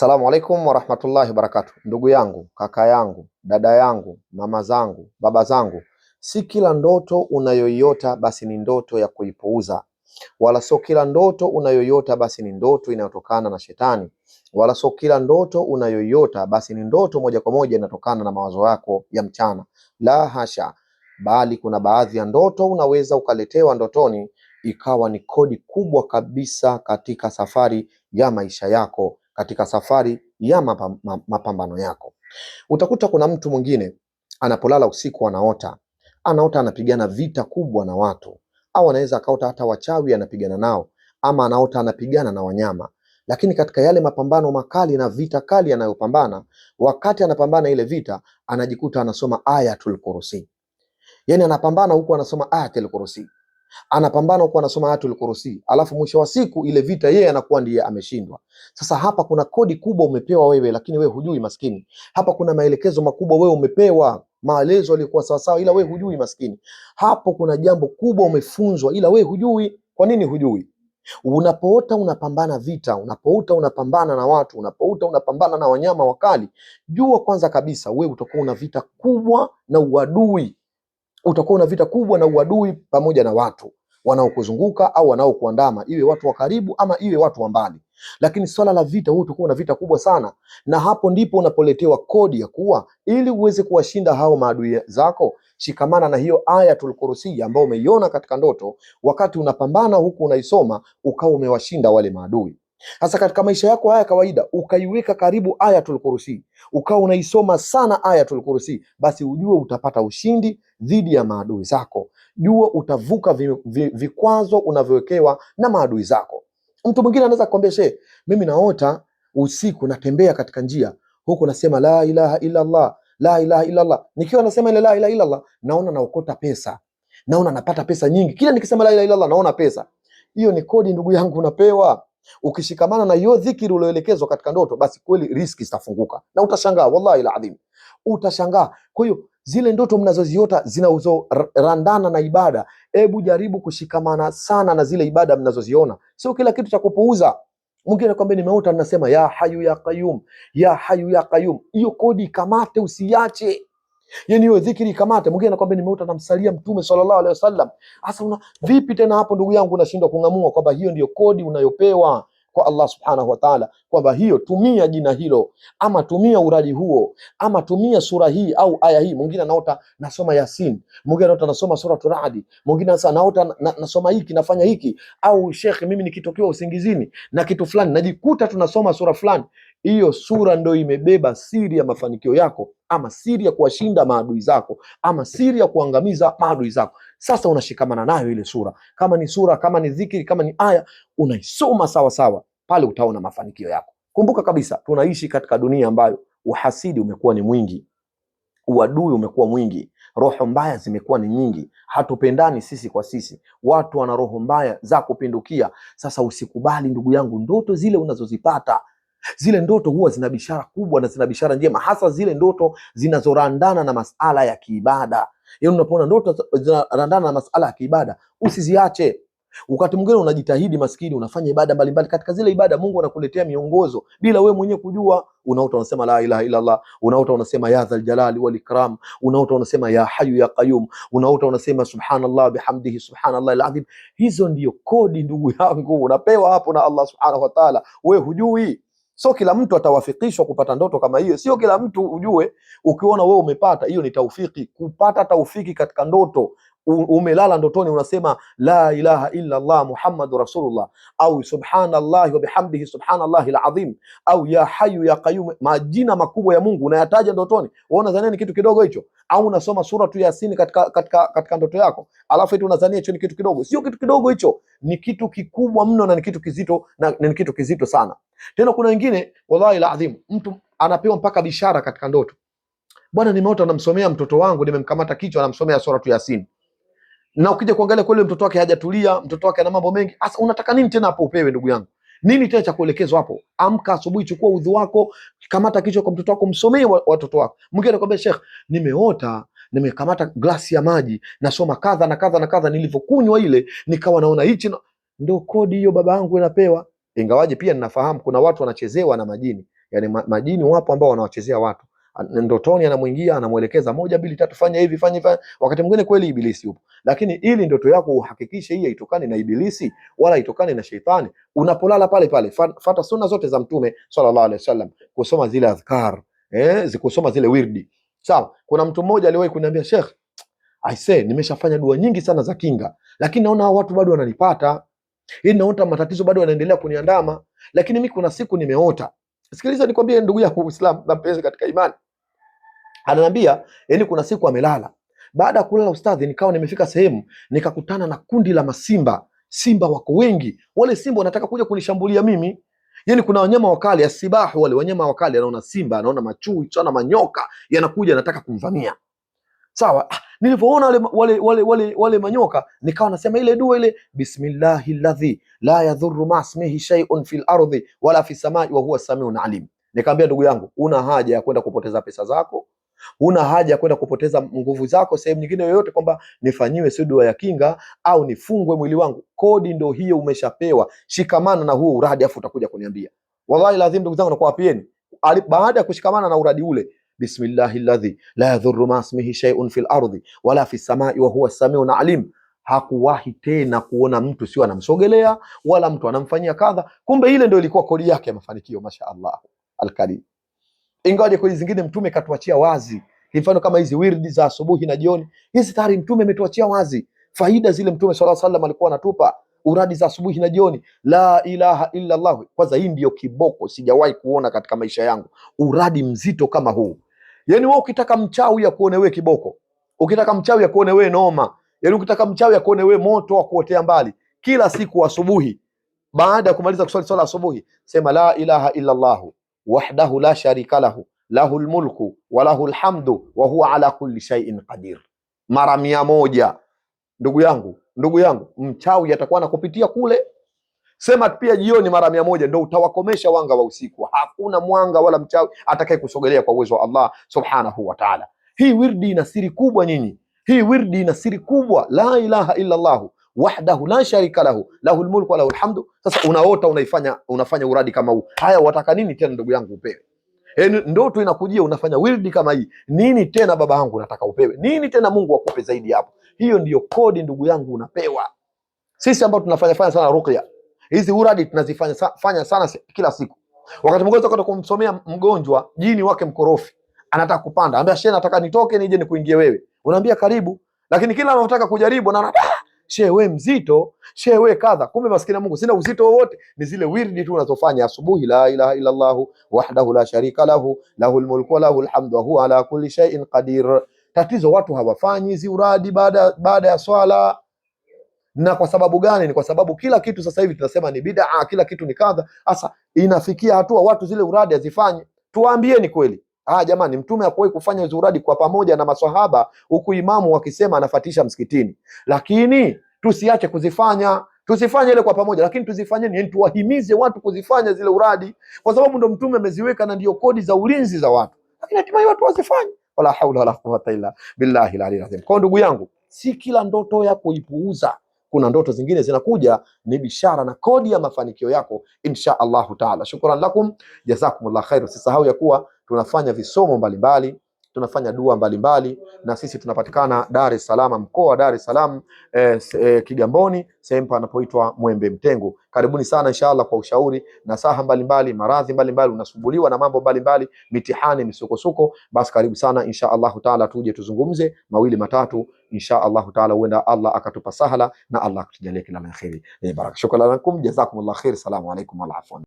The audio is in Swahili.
Salamu alaikum warahmatullahi wabarakatu. Ndugu yangu, kaka yangu, dada yangu, mama zangu, baba zangu, si kila ndoto unayoiota basi ni ndoto ya kuipuuza, wala sio kila ndoto unayoiota basi ni ndoto inayotokana na shetani, wala sio kila ndoto unayoiota basi ni ndoto moja kwa moja inatokana na mawazo yako ya mchana. La hasha, bali kuna baadhi ya ndoto unaweza ukaletewa ndotoni ikawa ni kodi kubwa kabisa katika safari ya maisha yako katika safari ya mapambano yako. Utakuta kuna mtu mwingine anapolala usiku anaota, anaota anapigana vita kubwa na watu, au anaweza akaota hata wachawi anapigana nao, ama anaota anapigana na wanyama. Lakini katika yale mapambano makali na vita kali anayopambana, wakati anapambana ile vita, anajikuta anasoma Ayatul Kursi, yani anapambana huku anasoma Ayatul Kursi anapambana huko anasoma Ayatul Kursi, alafu mwisho wa siku ile vita yeye anakuwa ndiye ameshindwa. Sasa hapa kuna kodi kubwa umepewa wewe, lakini wewe hujui maskini. Hapa kuna maelekezo makubwa wewe umepewa, maelezo yalikuwa sawa sawa, ila wewe hujui maskini. Hapo kuna jambo kubwa umefunzwa, ila wewe hujui. Kwa nini hujui? Unapoota unapambana vita, unapoota unapambana na watu, unapoota unapambana na wanyama wakali, jua kwanza kabisa wewe utakuwa una vita kubwa na uadui utakuwa una vita kubwa na uadui pamoja na watu wanaokuzunguka au wanaokuandama, iwe watu wa karibu ama iwe watu wa mbali. Lakini swala la vita, huu utakuwa na vita kubwa sana, na hapo ndipo unapoletewa kodi ya kuwa ili uweze kuwashinda hao maadui zako, shikamana na hiyo aya Kursi ambayo umeiona katika ndoto, wakati unapambana huku unaisoma, ukawa umewashinda wale maadui. Hasa katika maisha yako haya kawaida, ukaiweka karibu Ayatul Kursi, ukawa unaisoma sana Ayatul Kursi, basi ujue utapata ushindi dhidi ya maadui zako. Jua utavuka vikwazo unavyowekewa na maadui zako. Mtu mwingine anaweza kukwambia, she, mimi naota usiku natembea katika njia huku nasema la ilaha illa Allah, la ilaha illa Allah. Nikiwa nasema ile la ilaha illa Allah naona naokota pesa, naona napata pesa nyingi. Kila nikisema la ilaha illa Allah naona pesa. Hiyo ni kodi, ndugu yangu, unapewa Ukishikamana na hiyo dhikiri ulioelekezwa katika ndoto, basi kweli riski zitafunguka na utashangaa, wallahi ladhim, utashangaa. Kwa hiyo zile ndoto mnazoziota zinazorandana na ibada, hebu jaribu kushikamana sana na zile ibada mnazoziona, sio kila kitu cha kupuuza. Mwingine anakwambia nimeota, nasema ya hayu ya qayum, ya hayu ya qayum, Hiyo kodi kamate, usiache Yaani hiyo dhikri ikamate, mwingine anakwambia nimeuta namsalia Mtume sallallahu alaihi wasallam. Hasa una vipi tena hapo ndugu yangu, unashindwa kung'amua kwamba hiyo ndiyo kodi unayopewa kwa Allah subhanahu wa ta'ala, kwamba hiyo tumia jina hilo ama tumia uradi huo ama tumia sura hii au aya hii. Mwingine anaota nasoma Yasin, mwingine anaota nasoma sura Ra'd, mwingine sasa anaota na, nasoma hiki nafanya hiki, au shekhi, mimi nikitokiwa usingizini na kitu fulani najikuta tunasoma sura fulani. Hiyo sura ndio imebeba siri ya mafanikio yako ama siri ya kuwashinda maadui zako ama siri ya kuangamiza maadui zako. Sasa unashikamana nayo ile sura, kama ni sura, kama ni dhikiri, kama ni aya, unaisoma sawa sawa, pale utaona mafanikio yako. Kumbuka kabisa tunaishi katika dunia ambayo uhasidi umekuwa ni mwingi, uadui umekuwa mwingi, roho mbaya zimekuwa ni nyingi, hatupendani sisi kwa sisi, watu wana roho mbaya za kupindukia. Sasa usikubali ndugu yangu, ndoto zile unazozipata Zile ndoto huwa zina bishara kubwa na zina bishara njema, hasa zile ndoto zinazorandana na masala ya kiibada. Yaani, unapoona ndoto zinarandana na masala ya kiibada usiziache. Wakati mwingine unajitahidi, maskini, unafanya ibada mbalimbali. Katika zile ibada, Mungu anakuletea miongozo bila wewe mwenyewe kujua. Unaota unasema la ilaha illa Allah, unaota unasema ya dhal jalali wal ikram, unaota unasema ya hayu ya qayyum, unaota unasema subhanallah bihamdihi subhanallah alazim. Hizo ndiyo kodi, ndugu yangu, unapewa hapo na Allah subhanahu wa ta'ala, wewe hujui. Sio kila mtu atawafikishwa kupata ndoto kama hiyo. Sio kila mtu ujue, ukiona wewe umepata hiyo ni taufiki. Kupata taufiki katika ndoto umelala ndotoni unasema la ilaha illa Allah muhammadu rasulullah, au subhanallahi wa bihamdihi subhanallahi alazim, au ya hayu ya qayyum. Majina makubwa ya Mungu unayataja ndotoni, wewe unadhania ni kitu kidogo hicho? Au unasoma sura tu Yasini katika, katika, katika ndoto yako, alafu eti unadhania hicho ni kitu kidogo? Sio kitu kidogo hicho, ni kitu kikubwa mno na ni kitu kizito, na na ni kitu kizito sana. Tena kuna wengine wallahi alazim, mtu anapewa mpaka bishara katika ndoto. Bwana, nimeota namsomea mtoto wangu, nimemkamata kichwa, namsomea sura tu Yasini na ukija kuangalia kweli mtoto wake hajatulia, mtoto wake ana mambo mengi. Sasa unataka nini tena hapo upewe, ndugu yangu? Nini tena cha kuelekezwa hapo? Amka asubuhi, chukua udhu wako, kamata kichwa kwa mtoto wako, msomee watoto wako. Mwingine anakuambia Sheikh, nimeota nimekamata glasi ya maji nasoma kadha na kadha na kadha, nilivyokunywa ile nikawa naona hichi. na... ndo kodi hiyo baba yangu inapewa, ingawaje pia ninafahamu kuna watu wanachezewa na majini, yani majini wapo ambao wanawachezea watu ndotoni anamwingia anamwelekeza moja mbili tatu, fanya hivi fanya hivi. Wakati mwingine kweli ibilisi yupo, lakini ili ndoto yako uhakikishe hii haitokani na ibilisi wala haitokani na sheitani. Unapolala pale pale fata sunna zote za Mtume sallallahu alaihi wasallam, kusoma zile azkar eh, zikusoma zile wirdi. Sawa, kuna mtu mmoja aliwahi kuniambia Sheikh, say nimeshafanya dua nyingi sana za kinga, lakini naona watu bado wananipata hii, naona matatizo bado yanaendelea kuniandama, lakini mimi kuna siku nimeota. Sikiliza nikwambie, ndugu ya Uislamu na mpenzi katika imani Ananiambia yani, kuna siku amelala. Baada ya kulala ustadhi, nikawa nimefika sehemu nikakutana na kundi la masimba. Simba wako wengi, wale simba wanataka kuja kunishambulia mimi. Yani kuna wanyama wakali, asibahu, wale wanyama wakali. Anaona simba, anaona machui, anaona manyoka yanakuja, anataka kumvamia. Sawa, ah, nilivyoona wale, wale, wale, wale, wale manyoka nikawa nasema ile dua ile, bismillahi ladhi la yadhuru masmihi shay'un fil ardhi wala fi samai wa huwa samiun alim. Nikamwambia ndugu yangu, una haja ya kwenda kupoteza pesa zako Huna haja ya kwenda kupoteza nguvu zako sehemu nyingine yoyote, kwamba nifanyiwe sio dua ya kinga au nifungwe mwili wangu. Kodi ndo hiyo, umeshapewa. Shikamana na huo uradi, afu utakuja kuniambia. Wallahi lazim, ndugu zangu, nakuwapieni baada ya kushikamana na uradi ule Bismillahi ladhi la yadhurru ma ismihi shay'un fil ardi wala fi samai wa huwa samiu na alim. Hakuwahi tena kuona mtu sio anamsogelea wala mtu anamfanyia kadha. Kumbe ile ndio ilikuwa kodi yake ya mafanikio. Mashaallah alkarim ingawaje kwa zingine mtume katuachia wazi. Mfano kama hizi wirdi za asubuhi na jioni, hizi tayari mtume ametuachia wazi faida zile. Mtume sala alaihi wasallam alikuwa anatupa uradi za asubuhi na jioni, la ilaha illa Allah. Kwanza hii ndiyo kiboko, sijawahi kuona katika maisha yangu uradi mzito kama huu. Yani wewe ukitaka mchawi ya kuone wewe kiboko, ukitaka mchawi ya kuone wewe noma, yani ukitaka mchawi ya kuone wewe moto wa kuotea mbali, kila siku asubuhi, baada ya kumaliza kuswali swala asubuhi, sema la ilaha illa Allah wahdahu la sharika lahu lahu lmulku wa lhamdu wa huwa ala kulli shay'in qadir. Mara mia moja. Ndugu yangu, ndugu yangu, mchawi atakuwa anakupitia kule, sema pia jioni mara mia moja, ndio utawakomesha wanga wa usiku. Hakuna mwanga wala mchawi atakaye kusogelea kwa uwezo wa Allah subhanahu wa ta'ala. Hii wirdi ina siri kubwa nyinyi, hii wirdi ina siri kubwa, la ilaha illa Allah wahdahu la sharika lahu lahu lmulku wa lahul hamdu. Sasa unaota unaifanya, unafanya uradi kama huu. Haya, wataka nini tena ndugu yangu upewe? E, ndoto inakujia unafanya wirdi kama hii. Nini tena baba yangu unataka upewe nini tena, Mungu akupe zaidi hapo. Hiyo ndiyo kodi ndugu yangu unapewa. Sisi ambao tunafanya fanya sana ruqya hizi uradi tunazifanya fanya sana kila siku. Wakati mgonjwa ukataka kumsomea mgonjwa jini wake mkorofi, anataka kupanda, anambia shehe, nataka nitoke nije nikuingie wewe, unaambia karibu, lakini kila anataka kujaribu na anataka shewe mzito, shewe kadha. Kumbe maskini ya Mungu, sina uzito wowote, ni zile wirdi tu unazofanya asubuhi, la ilaha illa Allah wahdahu la sharika lahu lahul mulku wa lahul hamdu wa huwa ala kulli shay'in qadir. Tatizo watu hawafanyi hizi uradi baada baada ya swala. Na kwa sababu gani? Ni kwa sababu kila kitu sasa hivi tunasema ni bid'a, kila kitu ni kadha. Sasa inafikia hatua watu zile uradi hazifanye. Tuwaambieni kweli Ah, jamani, mtume hakuwahi kufanya zuradi kwa pamoja na maswahaba, huku imamu wakisema anafatisha msikitini. Lakini tusiache kuzifanya, tusifanye ile kwa pamoja, lakini tuzifanye yani tuwahimize watu kuzifanya zile uradi, kwa sababu ndo mtume ameziweka na ndio kodi za ulinzi za watu, lakini hatimaye watu wazifanye. Wala haula wala quwwata illa billahi alali azim. Kwa ndugu yangu, si kila ndoto ya kuipuuza kuna ndoto zingine zinakuja, ni bishara na kodi ya mafanikio yako insha Allahu taala. Shukran lakum jazakumullah khair. Usisahau ya kuwa tunafanya visomo mbalimbali, tunafanya dua mbalimbali, mbali, na sisi tunapatikana Dar es Salaam, mkoa wa Dar es Salaam eh, eh, Kigamboni, sehemu panapoitwa Mwembe Mtengu. Karibuni sana inshallah kwa ushauri na saha mbalimbali, maradhi mbalimbali, unasumbuliwa na mambo mbalimbali, mitihani, misukosuko, basi karibu sana insha Allahu taala, tuje tuzungumze mawili matatu insha Allahu taala, huenda Allah akatupa sahala na Allah akutujalie kila la kheri. Eh, baraka, Shukrani lakum, jazakumullahu khair, salamu alaykum wa afwan.